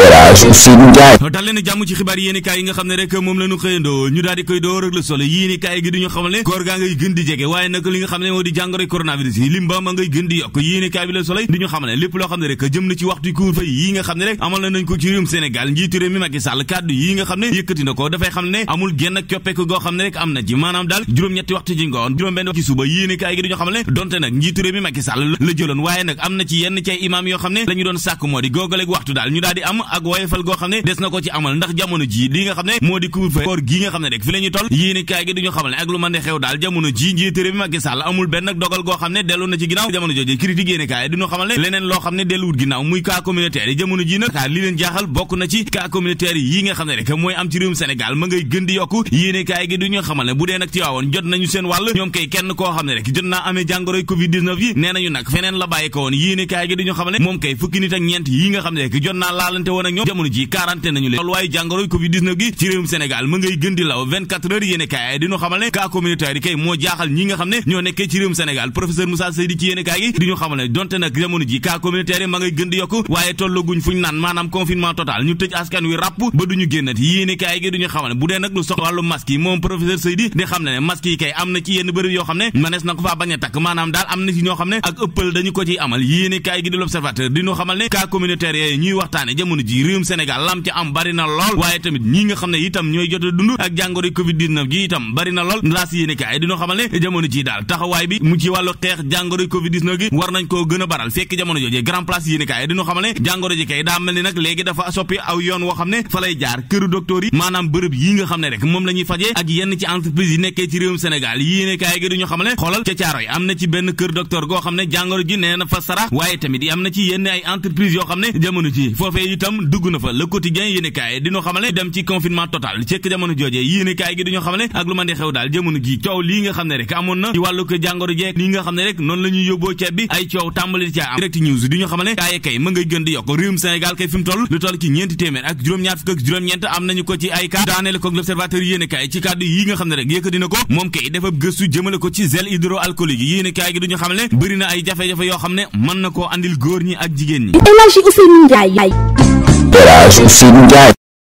Elhadji Ousseynou Ndiaye dal leen jàmm ci xibaar yéenekaay yi nga xam ne rek moom la ñu xëyandoo ñu daal di koy door ak Le Soleil yéenekaay gi duñu xamal ne lépp loo xam ne rek jëm na ci waxtu couvre-feu yi nga xam ne rek amal na nañ ko ci réewum Sénégal njiitu réew mi Macky kàddu yi nga xam ne yëkkati ko dafay xam ne amul genn coppeeku goo xam ne rek am na ci maanaam daal juróom-ñetti waxtu ci ngoon juróom-benn waxtu ci suba yéenekaay gi duñu xamal ne donte nag njiitu réew mi Macky ak woyefal goo xam ne des na ko ci amal ndax jamono ji li nga xam ne moo di couvre-feu koor gi nga xam ne rek fi la toll yéeni kaay gi duñu xamal ne ak lu mën de xew daal jamono ji njiitu réew mi Macky Sall amul benn dogal goo xam ne dellu na ci ginnaaw jamono jooju critique yéeni kaay duñu xamal ne leneen loo xam ne delluwut ginnaaw muy cas communautaire yi jamono ji nag li leen jaaxal bokk na ci cas communautaire yi nga xam ne rek mooy am ci réewum woon ak ñoom jamono ji quarantaine nañu leen loolu waaye jàngoroy covid gi ci réewum Sénégal mu ngay gën di law 24 heures yéene kaay di ñu xamal ne cas communautaire yi kay ngay gën di yokk waaye gi duñu xamal ne bu dee nag lu soxla wàllu masque yi moom professeur Seydi di xam ne ne yi kay am na ci yenn bërëb yoo xam ne manees na ko faa bañ a takk maanaam daal am na ci ñoo xam ne ak ëppal dañu ko ciy amal yéene gi di l'observateur di ñu ji réewum Sénégal lam ci am bari na lool waaye tamit ñi nga xam ne itam ñooy jot a dund ak jàngoro covid 19 ji itam bari na lool laas yéene kaay dina xamal jamono ji daal taxawaay bi mu ci wàllu xeex jàngoro covid war nañ koo gën baral fekk jamono jooje grand place yéene kaay dina jàngoro ji kay daa mel ni nag léegi dafa soppi aw yoon woo xam ne fa lay jaar këru docteur yi maanaam bërëb yi nga xam ne rek moom la ñuy fajee ak yenn ci entreprise yi nekkee ci réewum Sénégal yéene kaay gi duñu xamal ne xoolal ca yi am na ci benn kër docteur goo xam ne jàngoro ji nee na fa sarax waaye tamit am na ci yenn ay entreprise yoo xam ne jamono ji foofee itam am dugg na fa le quotidien yéenekaay diñu xamale dem ci confinement total ci jamono jooje yéenekaay gi diñu xamale ak lu man di daal jamono ji coow lii nga xam ne rek amoon na ci wàllu ko jàngoro jeeg lii nga xamale kaay kay ma ngay gën di yokk réewum Sénégal kay fi toll lu toll ci ñeenti téeméer ak juróom-ñaar fukk ak juróom-ñeent am nañu ko ci ay cas daaneel ko l'observateur yi nga kay gi duñu xamale bëri na ay jafe-jafe yoo xam ne mën Interage Sine Ndiaye